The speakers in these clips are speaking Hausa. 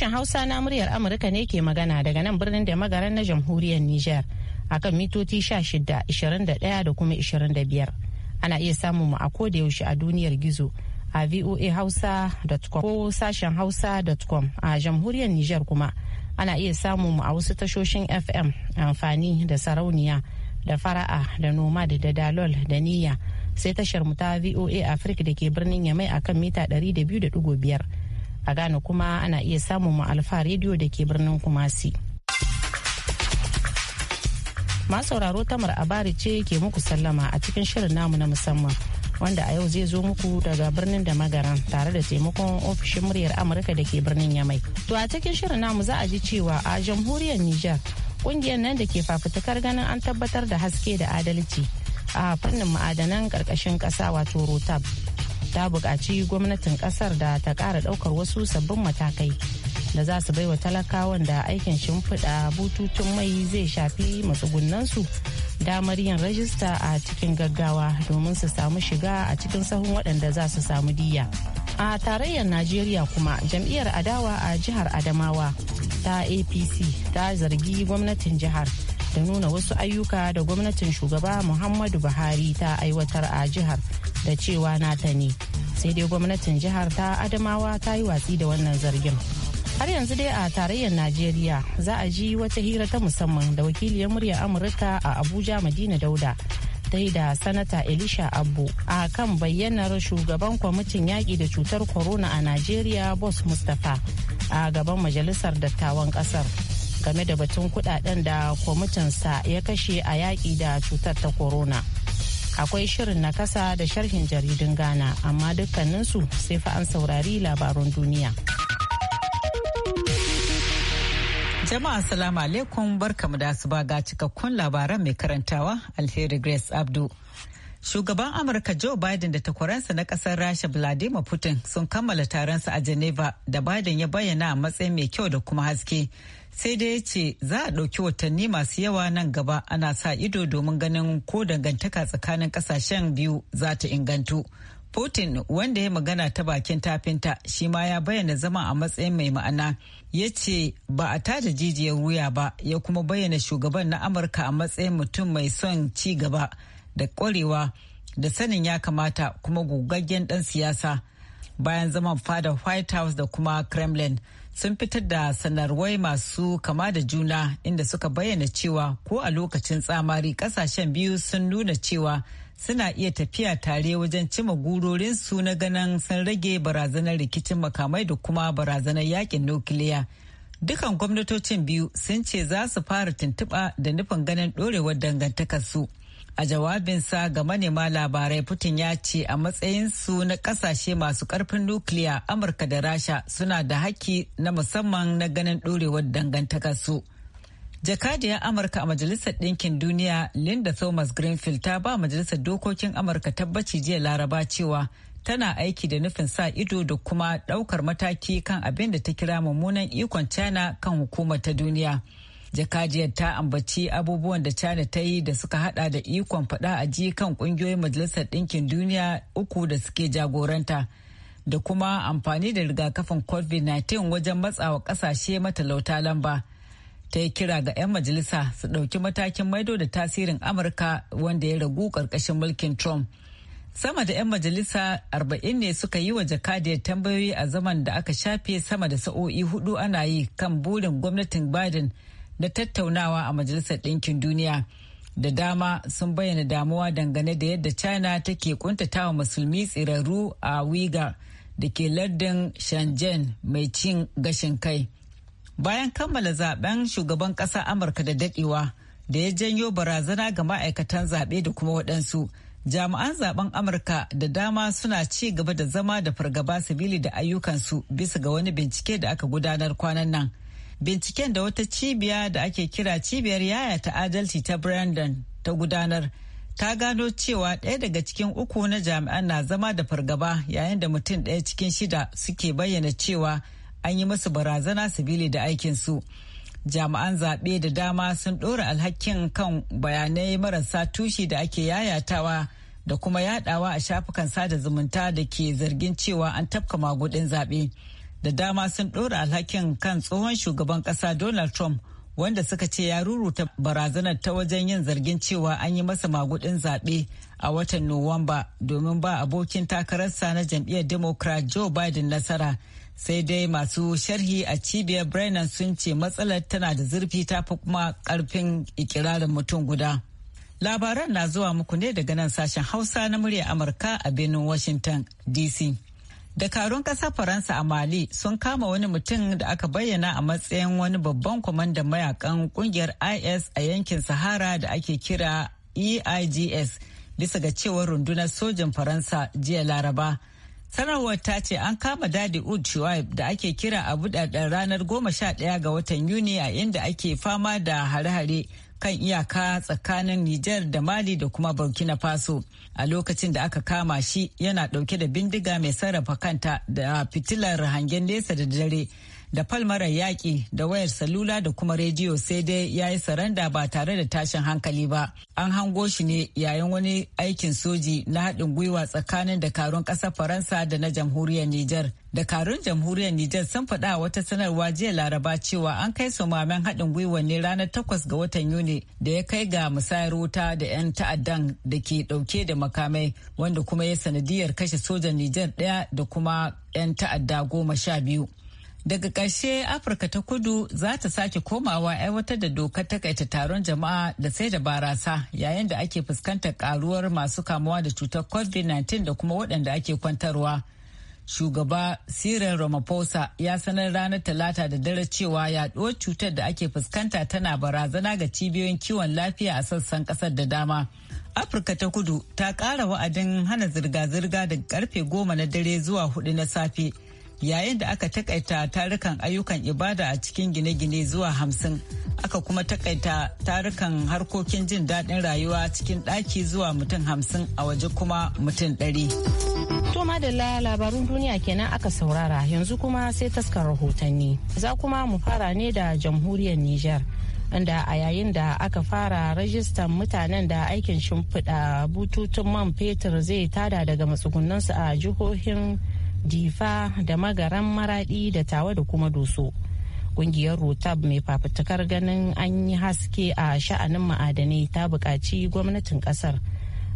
Sashen Hausa na muryar Amurka ne ke magana daga nan birnin da magaran na jamhuriyar Nijar akan mitoci 16, 21 da kuma 25. Ana iya samun mu a koda yaushe a duniyar gizo a voahausa.com ko sashen hausa.com a jamhuriyar Nijar kuma ana iya samun mu a wasu tashoshin FM amfani da sarauniya da fara'a da nomad da dalol da niyya sai tashar mu ta VOA Africa da ke birnin Yamai akan mita 200.5 a Ghana kuma ana iya samun mu alfa rediyo da ke birnin Kumasi. masauraro tamar abari ce ke muku sallama a cikin shirin namu na musamman wanda a yau zai zo muku daga birnin da magaran tare da taimakon ofishin muryar amurka da ke birnin yamai to a cikin shirin namu za a ji cewa a jamhuriyar nijar kungiyar nan da ke fafutukar ganin an tabbatar da haske da adalci a fannin ma'adanan karkashin kasa wato rotab ta buƙaci gwamnatin ƙasar da ta ƙara ɗaukar wasu sabbin matakai da za su baiwa talakawan da aikin shimfiɗa bututun mai zai shafi matsugunansu damar yin rajista a cikin gaggawa domin su samu shiga a cikin sahun waɗanda za su samu diya. A tarayyar Najeriya kuma jam'iyyar adawa a jihar Adamawa ta APC ta zargi gwamnatin jihar. da nuna wasu ayyuka da gwamnatin shugaba muhammadu buhari ta aiwatar a jihar da cewa nata ne sai dai gwamnatin jihar ta adamawa ta yi watsi da wannan zargin har yanzu dai a tarayyar najeriya za a ji wata hira ta musamman da wakiliyar muryar amurka a abuja madina dauda ta da sanata elisha abu a kan bayyanar shugaban kwamitin yaƙi da cutar corona a najeriya bos mustapha a gaban majalisar dattawan ƙasar game da batun kudaden da kwamitinsa ya kashe a yaƙi da cutar ta corona akwai shirin na kasa da sharhin jaridun ghana amma dukkaninsu sai fa an saurari labarun duniya jama'a salamu alaikum barkamu da asuba ga cikakkun labaran mai karantawa alheri grace abdu Shugaban Amurka Joe Biden da takwaransa na kasar Rasha Vladimir Putin sun kammala taronsa a Geneva da Biden ya bayyana a matsayin mai kyau da kuma haske. sai dai ya ce za a ɗauki watanni masu yawa nan gaba ana sa ido domin ganin ko dangantaka tsakanin ƙasashen biyu za ta ingantu. Putin wanda ya magana ta bakin tafinta shi ma ya bayyana zama a matsayin mai ma'ana ya ce ba a tada jijiyar wuya ba ya kuma bayyana shugaban na Amurka a matsayin mutum mai son ci gaba da ƙwarewa da sanin ya kamata kuma gugaggen ɗan siyasa bayan zaman fada White House da kuma Kremlin. sun fitar da sanarwai masu kama da juna inda suka bayyana cewa ko a lokacin tsamari kasashen biyu sun nuna cewa suna iya tafiya tare wajen cima gurorinsu na ganin sun rage barazanar rikicin makamai da kuma barazanar yakin nukiliya. Dukan gwamnatocin biyu sun ce za su fara tuntuɓa da nufin ganin ɗorewar dangantakarsu. su. A jawabinsa ga manema labarai Putin ya ce a matsayinsu na kasashe masu karfin nukiliya Amurka da Rasha suna da haƙƙi na musamman na ganin ɗorewar dangantakarsu. Jakadiyar Amurka a Majalisar Ɗinkin Duniya Linda Thomas Greenfield ta ba Majalisar Dokokin Amurka tabbaci jiya Laraba cewa tana aiki da nufin sa ido da kuma ɗaukar mataki kan abin da ta kira mummunan ikon China kan hukumar ta duniya. jakajiyar ta ambaci abubuwan da china ta yi da suka hada da ikon fada a ji kan kungiyoyin majalisar ɗinkin duniya uku da suke jagoranta da kuma amfani da rigakafin covid-19 wajen matsawa kasashe matalauta lamba ta yi kira ga 'yan majalisa su ɗauki matakin maido da tasirin amurka wanda ya ragu ƙarƙashin mulkin trump sama da 'yan majalisa 40 ne suka yi wa jakadiyar tambayoyi a zaman da aka shafe sama da sa'o'i hudu ana yi kan burin gwamnatin biden na tattaunawa a majalisar ɗinkin duniya da dama sun bayyana damuwa dangane da yadda china take wa musulmi tsirarru a wiga da ke lardin shenzhen mai cin gashin kai bayan kammala zaben shugaban ƙasa amurka da daɗewa da ya janyo barazana ga ma'aikatan zaɓe da kuma waɗansu jami'an zaben amurka da dama suna ci gaba da zama da fargaba sabili da ayyukansu bisa ga wani bincike da aka gudanar kwanan nan binciken da wata cibiya da ake kira cibiyar yaya ta adalci ta brandon ta gudanar ta gano cewa ɗaya daga cikin uku na jami'an na zama da fargaba yayin da mutum ɗaya cikin shida suke bayyana cewa an yi masu barazana sabili da aikinsu jami'an zaɓe da dama sun ɗora alhakin kan bayanai marasa tushe da ake yayatawa da kuma yadawa a shafukan sada zumunta da ke zargin cewa an tafka magudin zaɓe. da dama sun ɗora alhakin kan tsohon shugaban ƙasa Donald Trump wanda suka ce ya ruruta barazanar ta wajen yin zargin cewa an yi masa magudin zaɓe a watan Nuwamba domin ba abokin takararsa na jam'iyyar Democrat Joe Biden nasara. Sai dai masu sharhi a cibiyar Brennan sun ce matsalar tana da zurfi ta fi kuma karfin ikirarin mutum guda. Labaran na zuwa muku ne daga nan sashen Hausa na murya Amurka a birnin Washington DC. Dakarun ƙasar Faransa a Mali sun kama wani mutum da aka bayyana a matsayin wani babban kwamandan mayakan kungiyar IS a yankin Sahara da ake kira EIGS bisa ga cewar rundunar sojan Faransa jiya Laraba. Sanarwar ta ce an kama Dadi Ud Shuaib da ake kira a budaden ranar goma sha ɗaya ga watan Yuni a inda ake fama da hare-hare kan iyaka tsakanin Nijar da Mali da kuma Burkina Faso. A lokacin da aka kama shi yana dauke da bindiga mai sarrafa kanta da fitilar hangen nesa da dare da falmarar yaƙi da wayar salula da kuma rediyo sai dai ya yi saranda ba tare da tashin hankali ba an hango shi ne yayin wani aikin soji na haɗin gwiwa tsakanin dakarun ƙasar faransa da na jamhuriyar niger dakarun jamhuriyar nijar sun faɗa wata sanarwa jiya laraba cewa an kai su mamen haɗin gwiwa ne ranar takwas ga watan yuni da ya kai ga musayar wuta da 'yan ta'addan da ke ɗauke da makamai wanda kuma ya sanadiyar kashe sojan nijar ɗaya da kuma 'yan ta'adda goma sha biyu daga ƙarshe afirka ta kudu za ta sake komawa aiwatar da dokar takaita taron jama'a da sai da barasa yayin da ake fuskantar karuwar masu kamuwa da cutar covid-19 da kuma waɗanda ake kwantarwa shugaba cyril ramaphosa ya sanar ranar talata da dare cewa yaɗuwar cutar da ake fuskanta tana barazana ga cibiyoyin kiwon lafiya a sassan ƙasar da dama afirka ta kudu ta ƙara wa'adin hana zirga-zirga daga karfe goma na dare zuwa hudu na safe yayin da aka takaita tarukan ayyukan ibada a cikin gine-gine zuwa hamsin aka kuma takaita tarukan harkokin jin daɗin rayuwa cikin ɗaki zuwa mutum hamsin a waje kuma mutum ɗari. To madalla labarun duniya kenan aka saurara yanzu kuma sai taskar rahotanni. Za kuma mu fara ne da jamhuriyar niger inda a yayin da aka fara rajistan mutanen da aikin shimfiɗa bututun man fetur zai tada daga matsugunansu a jihohin jifa da magaran maradi da tawa da kuma doso kungiyar rotab mai fafutukar ganin an yi haske a sha'anin ma'adanai ta buƙaci gwamnatin ƙasar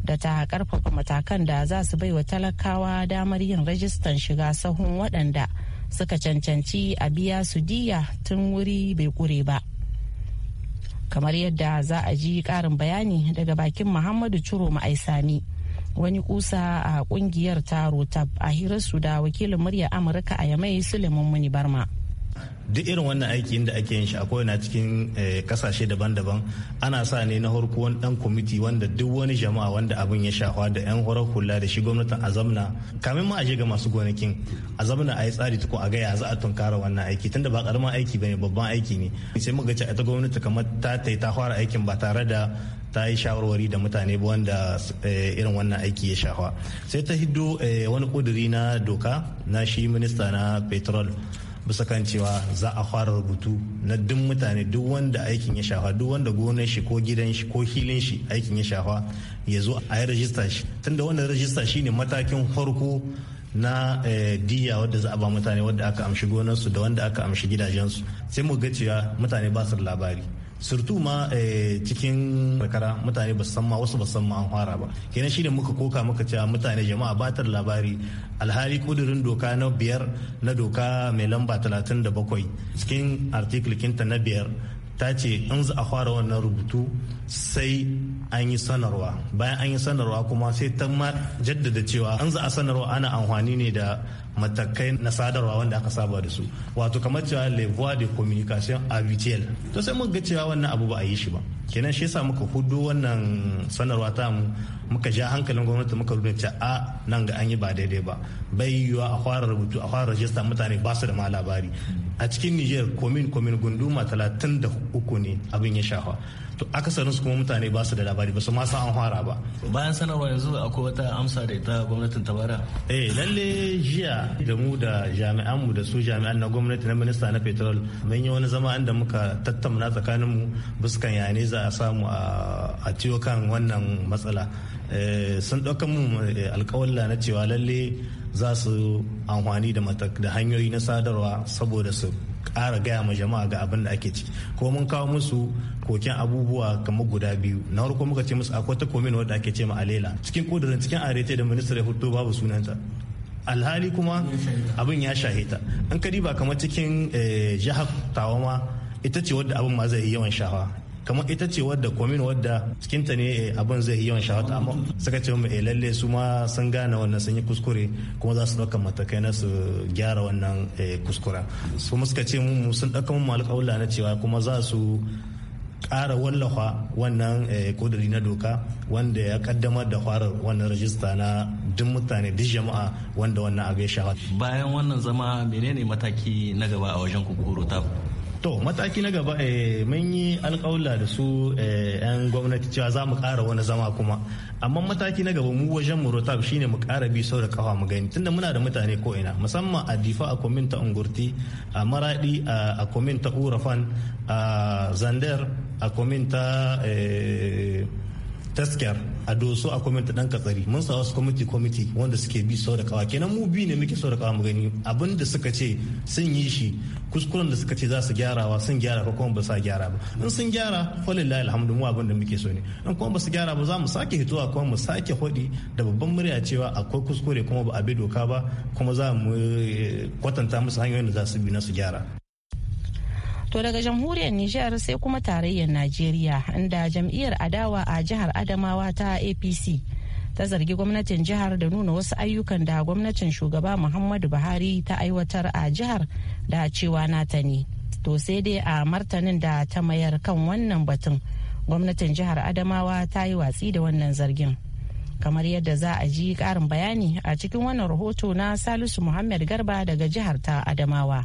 da ta ƙarfafa matakan da za su baiwa talakawa damar yin rajistan shiga sahun waɗanda suka cancanci a biya su diya tun wuri bai ƙure ba kamar yadda za a ji ƙarin bayani daga bakin muhammadu curo ma'aisani wani kusa a kungiyar ta tab a hirarsu da wakilin murya amurka a yamai suleiman muni barma duk irin wannan aiki da ake yin shi akwai na cikin kasashe eh, daban-daban ana sa ne na harkuwan dan kwamiti wanda duk wani jama'a wanda abin ya shafa da yan horar hula da shi gwamnatin azamna kamin ma a ga masu gonakin azamna a yi tsari tukun a ga za a tunkara wannan aiki tunda ba karamin aiki bane babban aiki ne sai muka ga ita gwamnati kamar ta ta ta fara aikin ba tare da ta yi shawarwari da mutane ba wanda eh, irin wannan aiki ya shafa sai ta hiddo eh, wani kuduri na doka na shi minista na petrol bisa kan cewa za a fara rubutu na duk mutane duk wanda aikin ya shafa duk wanda gonar shi ko gidan shi ko hilin shi aikin ya shafa ya zo a yi rajista shi tunda wannan rajista ne matakin farko na eh, diya wadda za a ba mutane wadda aka amshi gonarsu da wanda aka amshi gidajensu sai mu ga cewa mutane ba su labari surtu ma eh, cikin karkara mutane ba san ma wasu ba san ma an fara ba kenan ne muka koka muka cewa ah, mutane jama'a batar labari alhali kudurin doka na biyar na doka mai lamba 37 cikin kinta na biyar ta ce in za a fara wannan rubutu sai an yi sanarwa bayan an yi sanarwa kuma sai ta jaddada cewa an za a sanarwa ana amfani ne da matakai na sadarwa wanda aka saba da su wato kamar cewa le voie de communication habituel to sai muka ga cewa wannan abu ba a yi shi ba kenan shi yasa muka hudu wannan sanarwa ta mu muka ja hankalin gwamnati muka rubuta a nan ga an yi ba daidai ba bai yiwuwa a fara rubutu a fara rajista mutane ba su da ma labari a cikin niger komin komin gunduma 33 ne abin ya shafa to akasarin su kuma mutane ba su da labari ba su ma san an fara ba bayan sanarwa yanzu akwai wata amsa da ita gwamnatin ta bara eh lalle jiya da mu da jami'an mu da su jami'an na gwamnati na minista na petrol mun yi wani zama inda muka tattauna tsakanin mu buskan yane za a samu a ciwo kan wannan matsala eh, sun ɗaukan mu eh, alƙawalla na cewa lalle za su amfani da hanyoyi na sadarwa saboda su ƙara gaya ma jama'a ga abin da ake ciki ko mun kawo musu koken abubuwa kamar guda biyu na farko muka ce musu akwai ta komin wadda ake ce ma alela cikin kudurin cikin arete da ministar ya hudu babu sunanta alhali kuma abin ya shaheta an kadi ba kamar cikin eh, jihar tawa ma ita ce wadda abin ma zai yi yawan shawa kamar ita ce wadda komin wadda cikinta ne eh, abin zai yawan shawa ta amma suka ce mu eh, lalle su ma sun gane wannan sun yi kuskure kuma za su ɗauka matakai na su gyara wannan kuskura su muska ce mu sun ɗaukan mu alƙawla na cewa kuma za su ƙara wallafa wannan kudiri eh, na doka wanda ya kaddamar da farar wannan rajista na duk mutane duk jama'a wanda wannan abu ya shafa. Bayan wannan zama menene mataki na gaba a wajen kukuru ta? to mataki na gaba eh, mun yi alƙawla da su 'yan eh, gwamnati cewa za mu ƙara wani zama kuma amma mataki na gaba mu wajen mu rotab shine mu ƙara bi sau da kafa mu gani tunda muna da mutane ko ina musamman a difa a komin ungurti a maradi a komin urafan a zander a komin taskiyar a doso a kwamiti dan katsari mun sa wasu kwamiti kwamiti wanda suke bi sau da kawa kenan mu bi ne muke sau da kawa mu gani abin da suka ce sun yi shi kuskuren da suka ce za su gyarawa sun gyara ko kuma ba sa gyara ba in sun gyara falillahi alhamdu mu abin da muke so ne in kuma ba su gyara ba za mu sake hitowa kuma mu sake hodi da babban murya cewa akwai kuskure kuma ba a bi doka ba kuma za mu eh, kwatanta musu hanyoyin da za su bi na su gyara to daga jamhuriyar nijar sai kuma tarayyar najeriya inda jam'iyyar adawa a jihar adamawa ta apc ta zargi gwamnatin jihar da nuna wasu ayyukan da gwamnatin shugaba muhammadu buhari ta aiwatar a jihar da cewa nata ne to sai dai a martanin da ta mayar kan wannan batun gwamnatin jihar adamawa ta yi watsi da wannan zargin kamar yadda za a ji karin bayani a cikin wannan rahoto na salisu muhammad garba daga jihar ta adamawa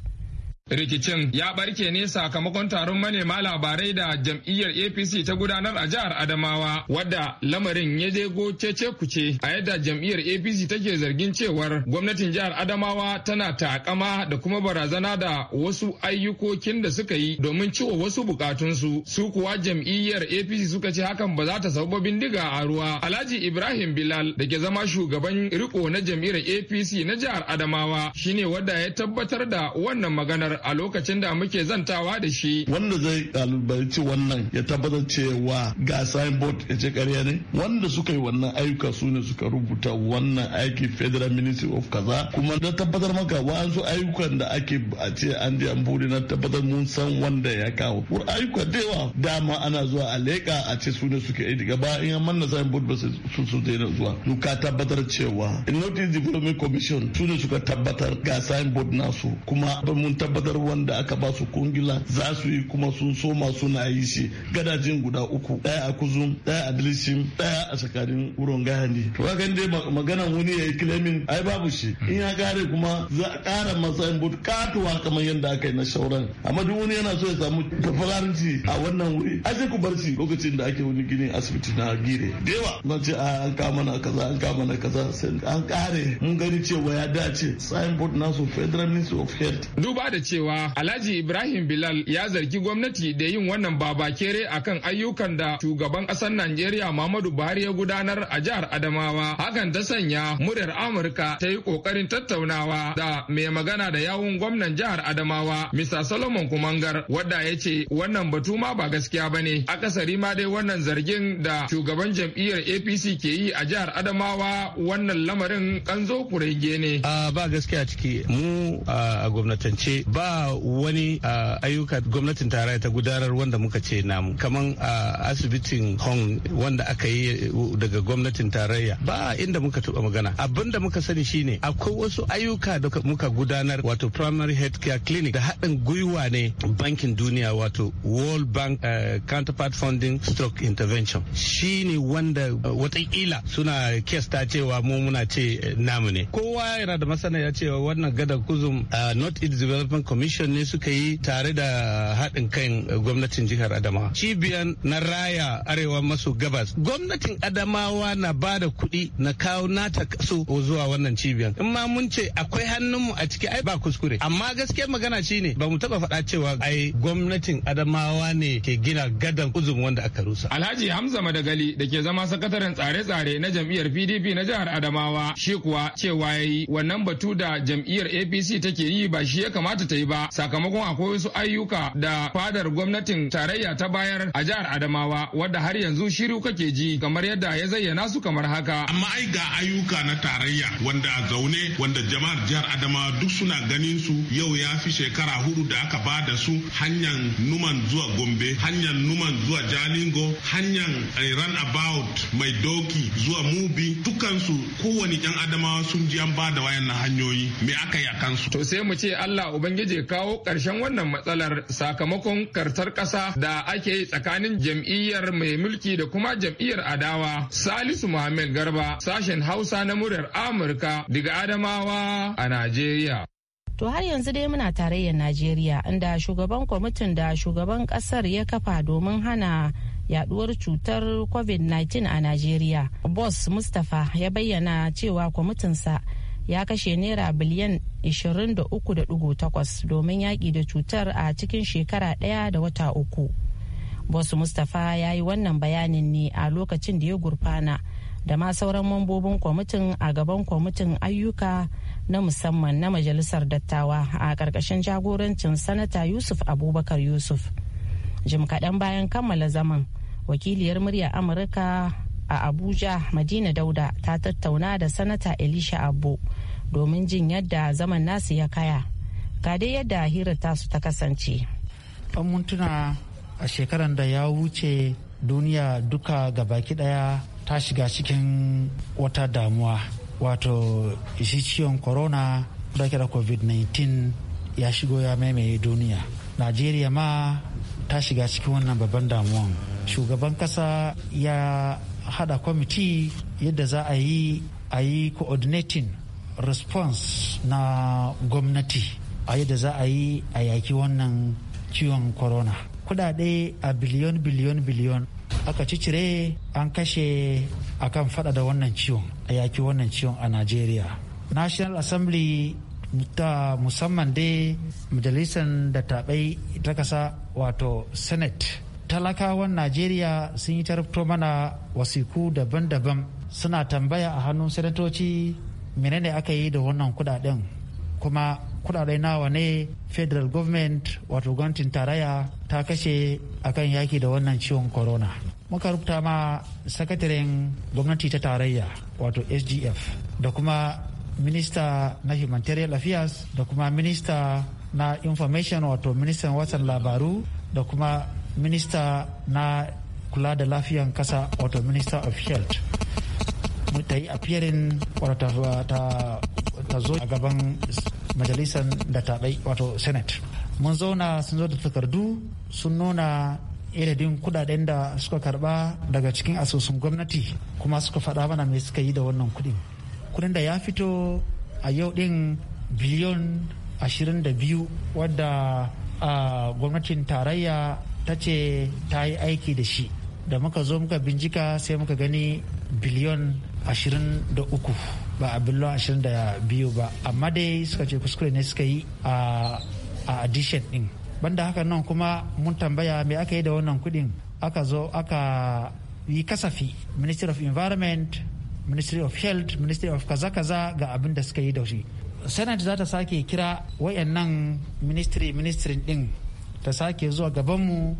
Rikicin ya barke ne sakamakon taron manema labarai da jam'iyyar APC ta gudanar a jihar Adamawa wadda lamarin ya je cece kuce a yadda jam'iyyar APC take zargin cewar gwamnatin jihar Adamawa tana takama da kuma barazana da wasu ayyukokin da suka yi domin ciwo wasu bukatunsu su kuwa jam'iyyar APC suka ce hakan ba za ta sauba bindiga a ruwa. Alhaji Ibrahim Bilal da ke zama shugaban riko na jam'iyyar APC na jihar Adamawa shine wadda ya tabbatar da wannan maganar a lokacin da muke zantawa da shi. Wanda zai kalubalci wannan ya tabbatar cewa ga signboard ya ce karya ne? Wanda suka yi wannan ayyuka su ne suka rubuta wannan aiki Federal Ministry of kaza kuma da tabbatar maka wasu ayyukan da ake a ce an je an bude na tabbatar mun san wanda ya kawo. Wur ayyuka da yawa dama ana zuwa a leƙa a ce su ne suka yi daga ba in an manna signboard ba su su daina zuwa. ka tabbatar cewa Notice Development Commission su ne suka tabbatar ga signboard nasu kuma mun tabbatar sadar da aka ba su kungila za su yi kuma sun soma suna yi shi gadajin guda uku daya a kuzum daya a dilishim daya a tsakanin wurin gani to kaga dai maganan wani ya yi claiming ai babu shi in ya kare kuma za a kara masa bukatuwa kamar yadda aka yi na shauran amma duk wani yana so ya samu tafaranci a wannan wuri a ku bar shi lokacin da ake wani gini asibiti na gire dewa na ce an kama na kaza an kama na kaza sai an kare mun gani cewa ya dace signboard nasu federal ministry of health duba da cewa cewa Alhaji Ibrahim Bilal ya zargi gwamnati da yin wannan babakere akan ayyukan da shugaban ƙasar Najeriya Muhammadu Buhari ya gudanar a jihar Adamawa. Hakan ta sanya muryar Amurka ta yi ƙoƙarin tattaunawa da mai magana da yawun gwamnan jihar Adamawa, Mr. Solomon Kumangar, wadda ya ce wannan batu ma ba gaskiya ba ne. Akasari ma dai wannan zargin da shugaban jam'iyyar APC ke yi a jihar Adamawa wannan lamarin kanzo kurege ne. ba gaskiya ciki mu a gwamnatance ba wani ayyuka gwamnatin tarayya ta gudanar wanda muka ce namu kaman a asibitin hong wanda aka yi daga gwamnatin tarayya ba inda muka taba magana abinda muka sani shine akwai wasu ayyuka da muka gudanar wato primary health care clinic da haɗin gwiwa ne bankin duniya wato world bank uh, counterpart funding stroke intervention shine wanda uh, watakila suna kes ta cewa mu muna ce eh, namu ne kowa yana da masana ya cewa wannan gada kuzum uh, not development commission ne suka yi tare da haɗin kan gwamnatin jihar adamawa cibiyan na raya arewa maso gabas gwamnatin adamawa na ba da kuɗi na kawo nata kaso zuwa wannan cibiyan in ma mun ce akwai mu a ciki ai ba kuskure amma gaskiya magana shine ba mu taɓa faɗa cewa ai gwamnatin adamawa ne ke gina gadan uzum wanda aka rusa alhaji hamza madagali da ke zama sakataren tsare-tsare na jam'iyyar pdp na jihar adamawa shi kuwa cewa yayi wannan batu da jam'iyyar apc take yi ba shi ya kamata ta yi ba sakamakon akwai wasu ayyuka da fadar gwamnatin tarayya ta bayar a jihar Adamawa wadda har yanzu shiru kake ji kamar yadda ya zayyana su kamar haka. Amma ai ga ayyuka na tarayya wanda a zaune wanda jama'ar jihar Adamawa duk suna ganin su yau ya fi shekara hudu da aka ba da su hanyar numan zuwa Gombe, hanyar numan zuwa Jalingo, hanyar run about mai doki zuwa mubi dukansu kowane yan Adamawa sun ji an ba da wayan na hanyoyi me aka yi a kansu. To sai mu ce Allah Ubangiji zai kawo ƙarshen wannan matsalar sakamakon kartar ƙasa da ake yi tsakanin jam'iyyar mai mulki da kuma jam'iyyar adawa. Salisu muhammed Garba, sashen Hausa na muryar Amurka daga Adamawa a Najeriya. To har yanzu dai muna tarayyar Najeriya inda shugaban kwamitin da shugaban kasar ya kafa domin hana yaduwar cutar COVID-19 a Najeriya. Boss Mustapha ya bayyana cewa kwamitinsa ya kashe naira biliyan 23.8 domin yaƙi da cutar a cikin shekara ɗaya da wata uku. Bosu Mustapha ya yi wannan bayanin ne a lokacin da ya gurfana da ma sauran mambobin kwamitin a gaban kwamitin ayyuka na musamman na majalisar dattawa a ƙarƙashin jagorancin sanata Yusuf Abubakar Yusuf. Jim kaɗan bayan kammala zaman wakiliyar murya Amurka a abuja madina dauda ta tattauna da sanata elisha abbo domin jin yadda zaman nasu ya kaya ga dai yadda hirar tasu ta kasance an mun tuna a shekaran da ya wuce duniya duka ga baki daya ta shiga cikin wata damuwa wato isi ciwon corona da kira covid-19 ya shigo ya maimaye duniya najeriya ma ta shiga cikin wannan babban damuwan shugaban kasa ya a hada kwamiti yadda za a yi a yi coordinating response na gwamnati a yadda za a yi a yaki wannan ciwon corona kudade a biliyon biliyon biliyon aka cicire an kashe akan fada da wannan ciwon a yaki wannan ciwon a nigeria national assembly ta musamman dai majalisar da taɓai ta kasa wato senate talakawan najeriya sun yi tarifto mana wasiku daban-daban suna tambaya a hannun sanatoci menene aka yi da wannan kudaden kuma kudade nawa ne federal government wato gwamnatin tarayya ta kashe akan yaki da wannan ciwon corona muka rubuta ma sakataren gwamnati ta tarayya wato sgf da kuma minista na humanitarian affairs da kuma minista na information wato ministan wasan labaru da kuma minista na kula da lafiyan kasa wato minister of health ta yi appearing wato ta zo a gaban majalisar da ta taɗai wato senate mun zauna sun zo da takardu sun nuna iradin kudaden da suka karba daga cikin asusun gwamnati kuma suka faɗa mana mai suka yi da wannan kudin kudin da ya fito a yau ɗin biliyon 22 wadda a ah, gwamnatin tarayya ta ce ta yi aiki da shi da muka zo muka bincika sai muka gani biliyon 23 ba a biliyon 22 ba amma dai suka ce kuskure ne suka yi a addition din banda haka nan kuma mun tambaya me aka yi da wannan kudin aka zo aka yi kasafi ministry of environment ministry of health ministry of kaza-kaza ga abin da suka yi da shi senate za ta sake kira wayannan ministry ministry din ta sake zuwa gabanmu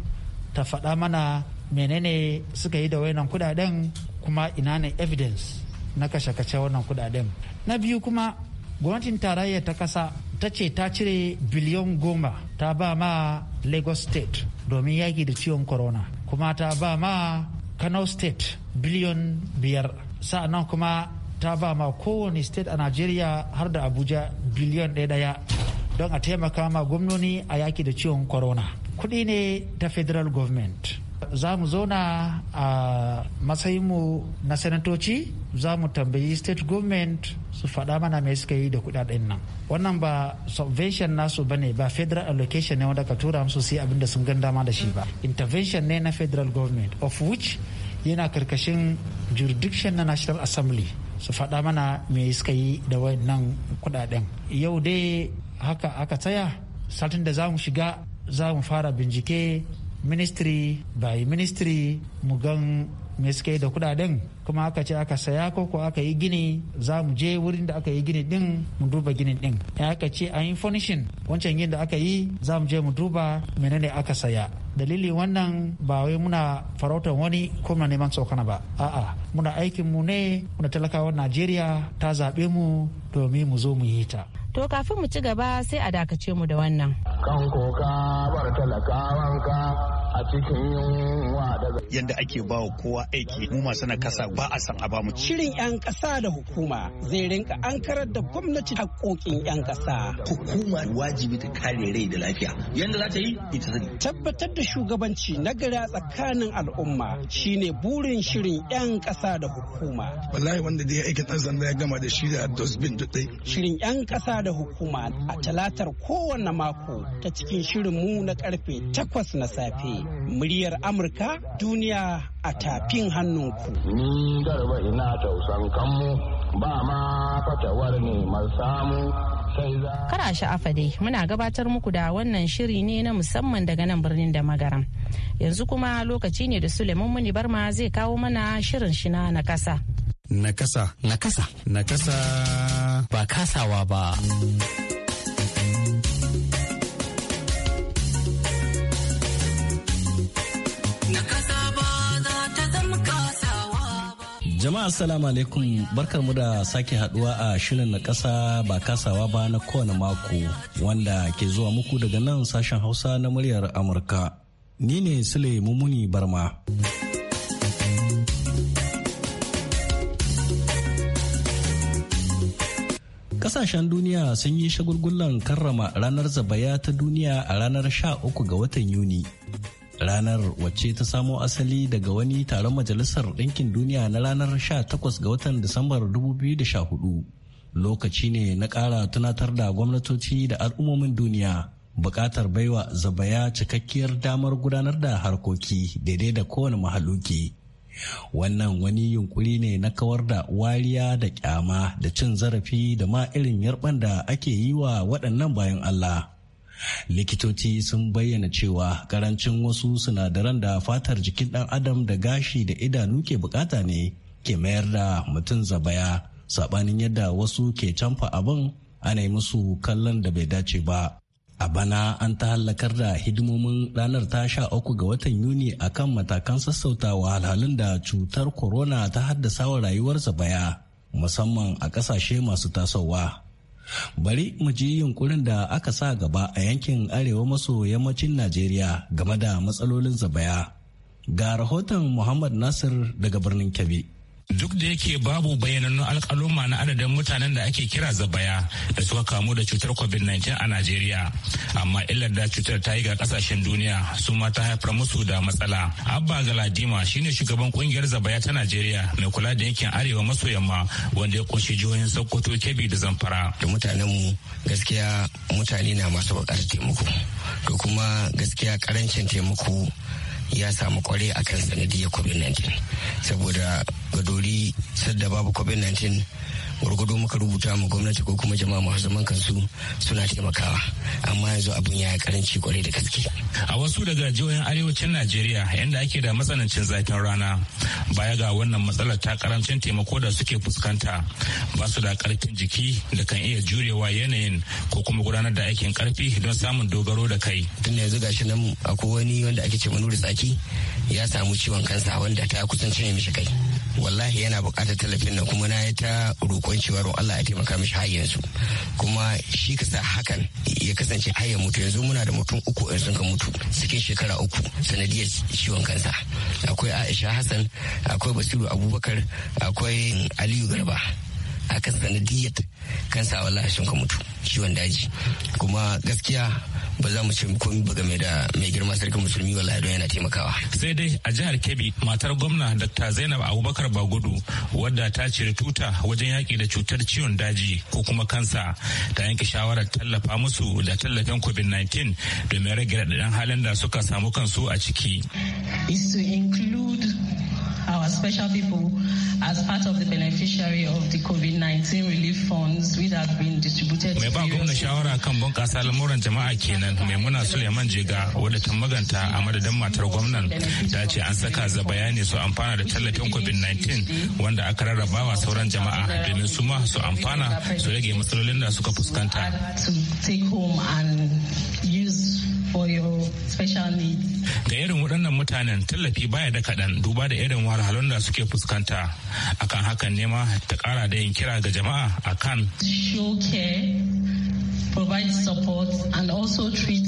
ta faɗa mana menene suka yi da wannan kudaden kuma ina ne evidence na kashe-kashe wannan kudaden na biyu kuma gwamnatin tarayya ta kasa ta ce ta cire biliyon goma ta ba ma lagos state domin yaki da ciwon corona kuma ta ba ma kano state biliyon biyar sa'annan kuma ta ba ma kowane state a najeriya har da abuja biliyon ɗaya daya don a taimaka ma gwamnoni a yaki da ciwon corona kuɗi ne ta federal government za mu zauna a matsayinmu na sanatoci za mu tambayi state government su faɗa mana mai suka yi da kuɗaɗen nan wannan ba subvention nasu ba ne ba federal allocation ne wanda ka tura musu sai abinda sun gan dama da shi ba intervention ne na federal government of which yana karkashin jurisdiction na national assembly su faɗa mana mai suka yi da wayannan kuɗaɗen. yau dai haka aka tsaya satin da za mu shiga za mu fara bincike ministry by ministry mu gan me suka yi da kudaden kuma aka ce aka saya ko ko aka yi gini za mu je wurin da aka yi gini din mu duba ginin din ya aka ce a yi furnishing wancan yin da aka yi za mu je mu duba menene aka saya dalili wannan ba wai muna farautar wani ko muna neman tsokana ba a'a muna aikin mu ne muna talakawar najeriya ta zaɓe mu domin mu zo mu yi ta To kafin mu ci gaba sai a dakace mu da wannan. Kan koka bar ka a cikin yunwa daga. Yadda ake ba wa kowa aiki mu masu na kasa ba a san a ba mu. Shirin 'yan ƙasa da hukuma zai rinka an karar da gwamnati haƙoƙin 'yan ƙasa. Hukuma wajibi ta kare rai da lafiya. Yadda za ta yi ita sani. Tabbatar da shugabanci na gara tsakanin al'umma shine burin shirin 'yan ƙasa da hukuma. Wallahi wanda dai aikin ɗan sanda ya gama da shi da dosbin duk Shirin 'yan ƙasa da da hukuma a talatar kowane mako ta cikin shirinmu na karfe takwas na safe. Muryar Amurka duniya a tafin hannunku. Ni garba ina tausan kanmu ba ma fatawar ne samu Kara sha'afa dai muna gabatar muku da wannan shiri ne na musamman daga nan birnin da magaram. Yanzu kuma lokaci ne da Suleiman Muni Barma zai kawo mana shirin shi na nakasa. Nakasa. Nakasa. Nakasa. ba kasawa ba. Jama'a assalamu alaikum barkar mu da sake haduwa a shirin na kasa ba kasawa ba na kowane mako wanda ke zuwa muku daga nan sashen hausa na muryar Amurka. Ni ne Sule Mumuni Barma. Kasashen duniya sun yi shagulgulan karrama ranar zabaya ta duniya a ranar 13 ga watan Yuni. Ranar wacce ta samo asali daga wani taron Majalisar Ɗinkin Duniya na ranar 18 ga watan Disambar 2014. Lokaci ne na ƙara tunatar da gwamnatoci da al'ummomin duniya buƙatar baiwa zabaya cikakkiyar damar gudanar da harkoki daidai da kowane mahaluki. wannan wani yunkuri ne na kawar da wariya da kyama da cin zarafi da ma irin yarban da ake yi wa waɗannan bayan Allah. likitoci sun bayyana cewa karancin wasu sinadaran da fatar jikin ɗan adam da gashi da idanu ke bukata ne ke mayar da mutum zabaya saɓanin yadda wasu ke canfa abin ana yi musu kallon da bai dace ba A bana an ta hallakar da hidimomin ranar ta sha uku ga watan Yuni a kan matakan sassautawa halhalun da cutar corona ta haddasa wa rayuwarsa baya musamman a ƙasashe masu tasowa. Bari mu ji yunkurin da aka sa gaba a yankin arewa maso yammacin Najeriya game da matsalolin zabaya. Ga rahoton Muhammad Nasir daga birnin Kebbi. duk da yake babu bayanannun alkaluma na adadin mutanen da ake kira zabaya da suka kamu da cutar covid-19 a najeriya amma illar da cutar ta yi ga kasashen duniya su ma ta haifar musu da matsala abba galadima shine shugaban kungiyar zabaya ta najeriya mai kula da yankin arewa maso yamma wanda ya kunshi jihohin sokoto kebbi da zamfara da mutanen mu gaskiya mutane na masu bukatar taimako to kuma gaskiya karancin taimako ya samu kware akan sanadiyar covid-19 saboda kadori sadda babu covid-19 gwargwado muka rubuta ma gwamnati ko kuma jama'a masu zaman kansu suna taimakawa amma yanzu abin ya karanci kwarai da gaske a wasu daga jihohin arewacin najeriya yadda ake da matsanancin zafin rana baya ga wannan matsalar ta karancin taimako da suke fuskanta ba su da karfin jiki da kan iya jurewa yanayin ko kuma gudanar da aikin karfi don samun dogaro da kai tun yanzu gashi nan akwai wani wanda ake ce manuri tsaki ya samu ciwon kansa wanda ta kusan cire mishi kai wallahi yana bukatar tallafin nan kuma na yi ta roƙon cewa Allah ya taimaka mishi hayyan yanzu kuma shi kasa hakan ya kasance hayyan mutu yanzu muna da mutum uku in sun ka mutu cikin shekara uku sanadiyar ciwon kansa akwai Aisha Hassan akwai Basiru Abubakar akwai Aliyu Garba akan sanadiyar kansa wallahi sun ka mutu ciwon daji kuma gaskiya ba za mu ce komi ba game da mai girma sarkin musulmi wala don yana taimakawa sai dai a jihar kebbi matar gwamna dr zainab abubakar bagudu wadda ta cire tuta wajen yaki da cutar ciwon daji ko kuma kansa ta yanke shawarar tallafa musu da tallafin covid-19 domin rage raɗaɗin halin da suka samu kansu a ciki is to include special people as part of the beneficiary of the COVID-19 relief funds which have been distributed. Mai ba gwamna shawara kan bunƙasa lamuran jama'a kenan Maimuna Suleiman Jega wadda ta maganta a madadin matar gwamnan ta ce an saka za bayani su amfana da tallafin COVID-19 wanda aka rarraba wa sauran jama'a domin su ma su amfana su rage matsalolin da suka fuskanta. for your special needs. Ga irin waɗannan mutanen tallafi baya da kaɗan duba da irin wahalhalun da suke fuskanta akan hakan nema ta ƙara da yin kira ga jama'a akan. Show care, provide support and also treat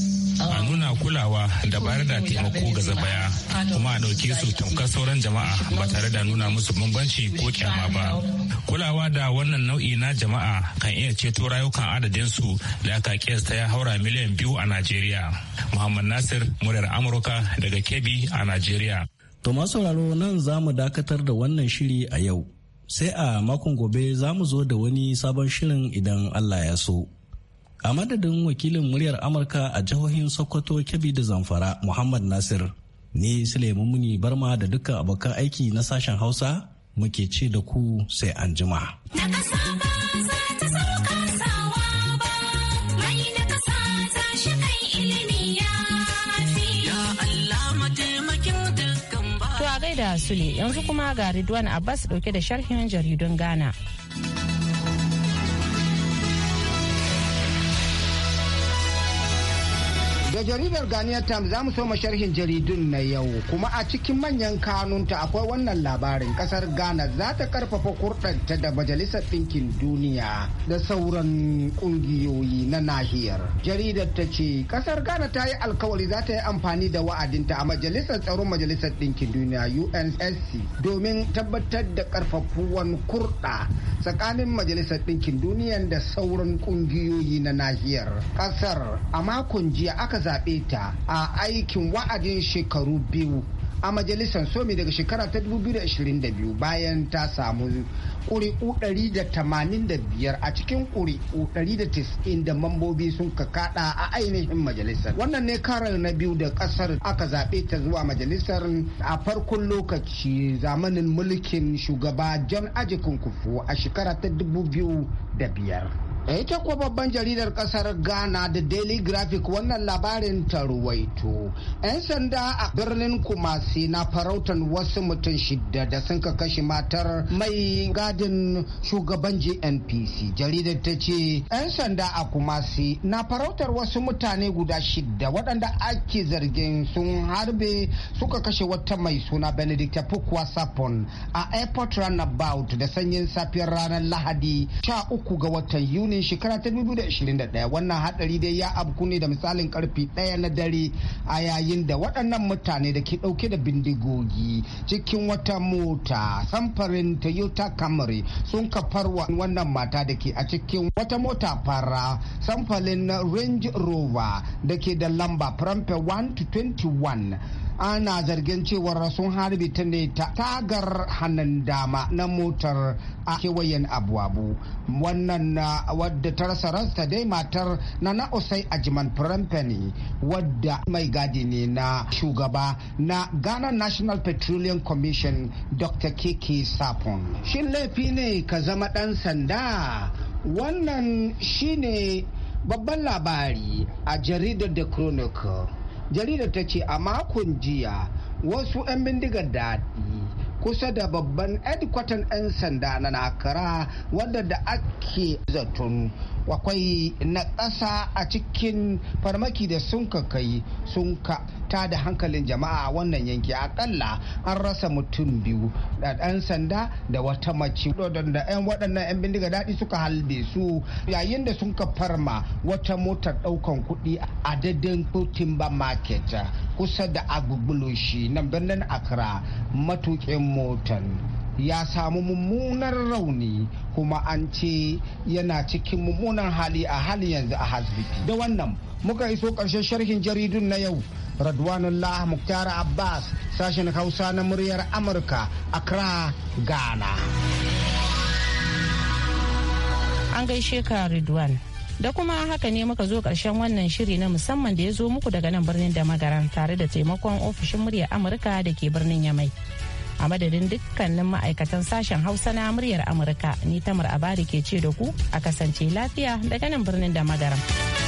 a nuna kulawa da bayar da taimako ga zabaya kuma a ɗauke su tamkar sauran jama'a ba tare da nuna musu bambanci ko kyama ba kulawa da wannan nau'i na jama'a kan iya ceto rayukan adadin su da aka kiyasta ya haura miliyan biyu a najeriya muhammad nasir muryar amurka daga kebbi a najeriya to masu sauraro nan za mu dakatar da wannan shiri a yau sai a makon gobe za mu zo da wani sabon shirin idan allah ya so a madadin wakilin muryar amurka a jihohin sokoto kebbi da zamfara muhammad nasir ni suleiman muni barma da duka abokan aiki na sashen hausa muke ce da ku sai an jima da Sule yanzu kuma ga Ridwan Abbas dauke da sharhin jaridun Ghana. Da jaridar Ghanaian Times za mu so sharhin jaridun na yau kuma a cikin manyan kanunta akwai wannan labarin kasar Ghana za ta karfafa kurɗanta da Majalisar Ɗinkin Duniya da sauran ƙungiyoyi na nahiyar. Jaridar ta ce kasar Ghana ta yi alkawari za ta yi amfani da wa'adinta a Majalisar Tsaron Majalisar Ɗinkin Duniya UNSC domin tabbatar da karfafuwan kurɗa tsakanin Majalisar Ɗinkin Duniya da sauran ƙungiyoyi na nahiyar. Kasar a makon jiya aka zaɓe ta a aikin wa'adin shekaru biyu a majalisar somi daga shekara ta 2022 bayan ta samu ƙuri'u 185 a cikin ƙuri'u 190 da mambobi sun kakaɗa a ainihin majalisar wannan ne karar na biyu da ƙasar aka zaɓe ta zuwa majalisar a farkon lokaci zamanin mulkin shugaba john ajikun kufu a shekara ta 2005 A ita kuwa babban jaridar kasar ghana da daily graphic wannan labarin ta ruwaito 'yan sanda a birnin kumasi na farautan wasu mutum shida da sun ka kashe matar mai gadin shugaban gnpc jaridar ta ce 'yan sanda a kumasi na farautar wasu mutane guda shida waɗanda ake zargin sun harbe suka kashe wata mai suna benedict pukwa sapon a airport runabout da sanyin safiyar ranar lahadi 13 ga watan yuni ne shekara ta 2021 wannan hadari dai ya abku ne da misalin karfi daya na dare a yayin da waɗannan mutane da ke ɗauke da bindigogi cikin wata mota samfarin Toyota Camry sun kafarwa wannan mata da ke a cikin wata mota fara samfarin Range Rover da ke da lamba Prampe 1 to 21 ana zargin cewar sun harbi ta ne ta tagar hannun dama na motar a kewayen abuwabu wannan na wadda ta rasa ransa dai matar na na usai ajiman firamfani wadda mai gadi ne na shugaba na ghana national petroleum commission dr keke sapon shin laifi ne ka zama dan sanda wannan shine babban labari a jaridar the chronicle jaridar ta ce a makon jiya wasu 'yan bindigar daɗi kusa da babban edkwatan 'yan sanda na nakara wadda da ake zaton akwai na ƙasa a cikin farmaki da sun kai sun ka ta da hankalin jama'a a wannan yanki akalla an rasa mutum biyu da ɗan sanda da wata mace da 'yan waɗannan 'yan bindiga daɗi suka halbe su yayin da sun ka farma wata motar ɗaukan kuɗi a daidai ba market kusa da shi nan birnin accra matuƙin motar. ya samu mummunar rauni kuma an ce yana cikin mummunan hali a hali yanzu a hasbiti da wannan muka iso ƙarshen sharhin jaridun na yau radwanullah muktar abbas sashen hausa na muryar amurka a accra ghana an gaishe ka ridwan da kuma haka ne muka zo karshen wannan shiri na musamman da ya zo muku daga nan birnin da magaran tare da taimakon ofishin muryar amurka da ke birnin yamai a madadin dukkanin ma'aikatan sashen hausa na muryar amurka ni tamar abari ke ce da ku a kasance lafiya daga nan birnin da magaram.